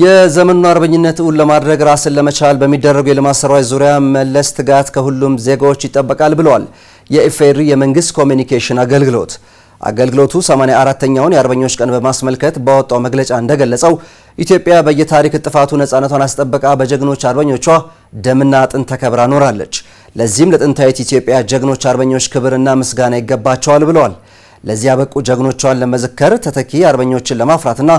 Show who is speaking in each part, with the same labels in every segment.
Speaker 1: የዘመኑን አርበኝነት እውን ለማድረግ ራስን ለመቻል በሚደረጉ የልማት ስራዎች ዙሪያ መለስ ትጋት ከሁሉም ዜጋዎች ይጠበቃል ብለዋል የኢፌዴሪ የመንግስት ኮሚኒኬሽን አገልግሎት። አገልግሎቱ 84ኛውን የአርበኞች ቀን በማስመልከት ባወጣው መግለጫ እንደገለጸው ኢትዮጵያ በየታሪክ እጥፋቱ ነፃነቷን አስጠብቃ በጀግኖች አርበኞቿ ደምና አጥንት ተከብራ ኖራለች። ለዚህም ለጥንታዊት ኢትዮጵያ ጀግኖች አርበኞች ክብርና ምስጋና ይገባቸዋል ብለዋል። ለዚህ በቁ ጀግኖቿን ለመዘከር ተተኪ አርበኞችን ለማፍራትና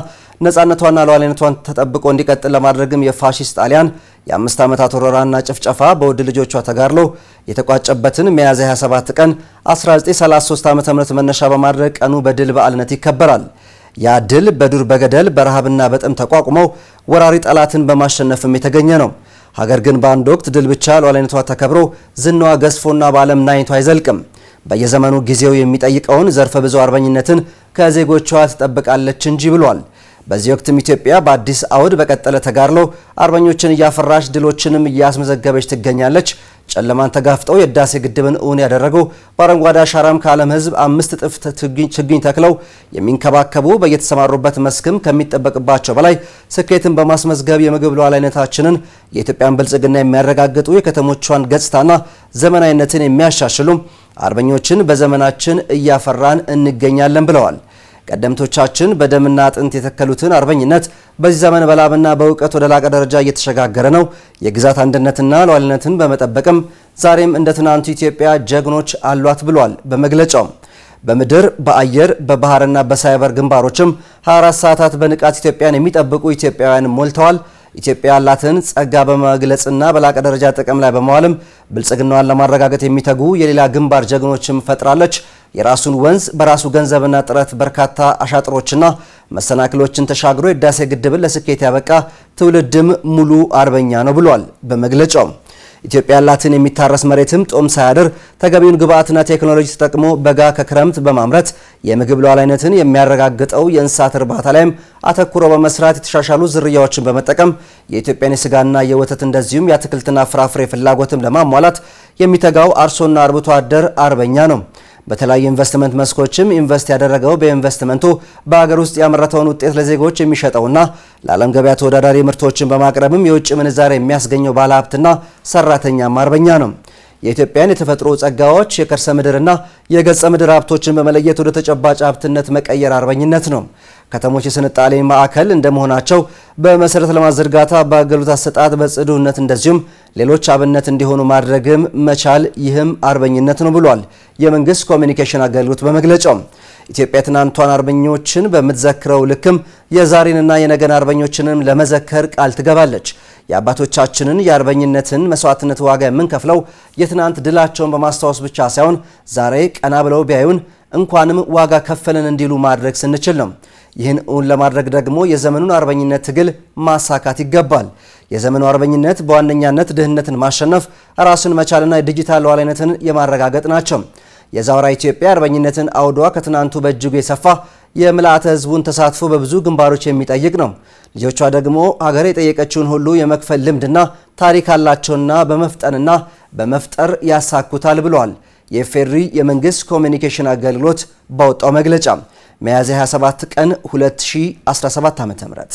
Speaker 1: ነፃነቷና ሉዓላዊነቷን ተጠብቆ እንዲቀጥል ለማድረግም የፋሺስት ጣሊያን የአምስት ዓመታት ወረራና ጭፍጨፋ በውድ ልጆቿ ተጋድሎ የተቋጨበትን ሚያዝያ 27 ቀን 1933 ም መነሻ በማድረግ ቀኑ በድል በዓልነት ይከበራል። ያ ድል በዱር በገደል በረሃብና በጥም ተቋቁመው ወራሪ ጠላትን በማሸነፍም የተገኘ ነው። ሀገር ግን በአንድ ወቅት ድል ብቻ ሉዓላዊነቷ ተከብሮ ዝናዋ ገዝፎና በዓለም ናኝቷ አይዘልቅም። በየዘመኑ ጊዜው የሚጠይቀውን ዘርፈ ብዙ አርበኝነትን ከዜጎቿ ትጠብቃለች እንጂ ብሏል። በዚህ ወቅትም ኢትዮጵያ በአዲስ አውድ በቀጠለ ተጋድሎ አርበኞችን እያፈራች ድሎችንም እያስመዘገበች ትገኛለች። ጨለማን ተጋፍጠው የህዳሴ ግድብን እውን ያደረጉ በአረንጓዴ አሻራም ከዓለም ህዝብ አምስት እጥፍ ችግኝ ተክለው የሚንከባከቡ በየተሰማሩበት መስክም ከሚጠበቅባቸው በላይ ስኬትን በማስመዝገብ የምግብ ሉዓላዊነታችንን የኢትዮጵያን ብልጽግና የሚያረጋግጡ የከተሞቿን ገጽታና ዘመናዊነትን የሚያሻሽሉ አርበኞችን በዘመናችን እያፈራን እንገኛለን ብለዋል። ቀደምቶቻችን በደምና አጥንት የተከሉትን አርበኝነት በዚህ ዘመን በላብና በእውቀት ወደ ላቀ ደረጃ እየተሸጋገረ ነው። የግዛት አንድነትና ሉዓላዊነትን በመጠበቅም ዛሬም እንደ ትናንቱ ኢትዮጵያ ጀግኖች አሏት ብሏል በመግለጫው በምድር በአየር በባህርና በሳይበር ግንባሮችም 24 ሰዓታት በንቃት ኢትዮጵያን የሚጠብቁ ኢትዮጵያውያን ሞልተዋል። ኢትዮጵያ ያላትን ጸጋ በመግለጽና በላቀ ደረጃ ጥቅም ላይ በመዋልም ብልጽግናዋን ለማረጋገጥ የሚተጉ የሌላ ግንባር ጀግኖችም ፈጥራለች። የራሱን ወንዝ በራሱ ገንዘብና ጥረት በርካታ አሻጥሮችና መሰናክሎችን ተሻግሮ የህዳሴ ግድብን ለስኬት ያበቃ ትውልድም ሙሉ አርበኛ ነው ብሏል በመግለጫው ኢትዮጵያ ያላትን የሚታረስ መሬትም ጦም ሳያድር ተገቢውን ግብዓትና ቴክኖሎጂ ተጠቅሞ በጋ ከክረምት በማምረት የምግብ ሉዓላዊነትን የሚያረጋግጠው የእንስሳት እርባታ ላይም አተኩሮ በመስራት የተሻሻሉ ዝርያዎችን በመጠቀም የኢትዮጵያን የስጋና የወተት እንደዚሁም የአትክልትና ፍራፍሬ ፍላጎትም ለማሟላት የሚተጋው አርሶና አርብቶ አደር አርበኛ ነው። በተለያዩ ኢንቨስትመንት መስኮችም ኢንቨስት ያደረገው በኢንቨስትመንቱ በሀገር ውስጥ ያመረተውን ውጤት ለዜጎች የሚሸጠውና ለዓለም ገበያ ተወዳዳሪ ምርቶችን በማቅረብም የውጭ ምንዛሬ የሚያስገኘው ባለሀብትና ሰራተኛም አርበኛ ነው። የኢትዮጵያን የተፈጥሮ ጸጋዎች የከርሰ ምድርና የገጸ ምድር ሀብቶችን በመለየት ወደ ተጨባጭ ሀብትነት መቀየር አርበኝነት ነው። ከተሞች የስንጣሌ ማዕከል እንደመሆናቸው በመሰረተ ልማት ዝርጋታ፣ በአገልግሎት አሰጣጥ፣ በጽዱነት እንደዚሁም ሌሎች አብነት እንዲሆኑ ማድረግም መቻል ይህም አርበኝነት ነው ብሏል የመንግስት ኮሚኒኬሽን አገልግሎት በመግለጫው። ኢትዮጵያ ትናንቷን አርበኞችን በምትዘክረው ልክም የዛሬንና የነገን አርበኞችንም ለመዘከር ቃል ትገባለች። የአባቶቻችንን የአርበኝነትን መስዋዕትነት ዋጋ የምንከፍለው የትናንት ድላቸውን በማስታወስ ብቻ ሳይሆን ዛሬ ቀና ብለው ቢያዩን እንኳንም ዋጋ ከፈለን እንዲሉ ማድረግ ስንችል ነው። ይህን እውን ለማድረግ ደግሞ የዘመኑን አርበኝነት ትግል ማሳካት ይገባል። የዘመኑ አርበኝነት በዋነኛነት ድህነትን ማሸነፍ፣ ራስን መቻልና የዲጂታል ሉዓላዊነትን የማረጋገጥ ናቸው። የዛውራ ኢትዮጵያ አርበኝነትን አውዷ ከትናንቱ በእጅጉ የሰፋ የምልአተ ህዝቡን ተሳትፎ በብዙ ግንባሮች የሚጠይቅ ነው። ልጆቿ ደግሞ ሀገር የጠየቀችውን ሁሉ የመክፈል ልምድና ታሪክ አላቸውና በመፍጠንና በመፍጠር ያሳኩታል ብለዋል። የፌሪ የመንግስት ኮሚኒኬሽን አገልግሎት ባወጣው መግለጫ ሚያዝያ 27 ቀን 2017 ዓ.ም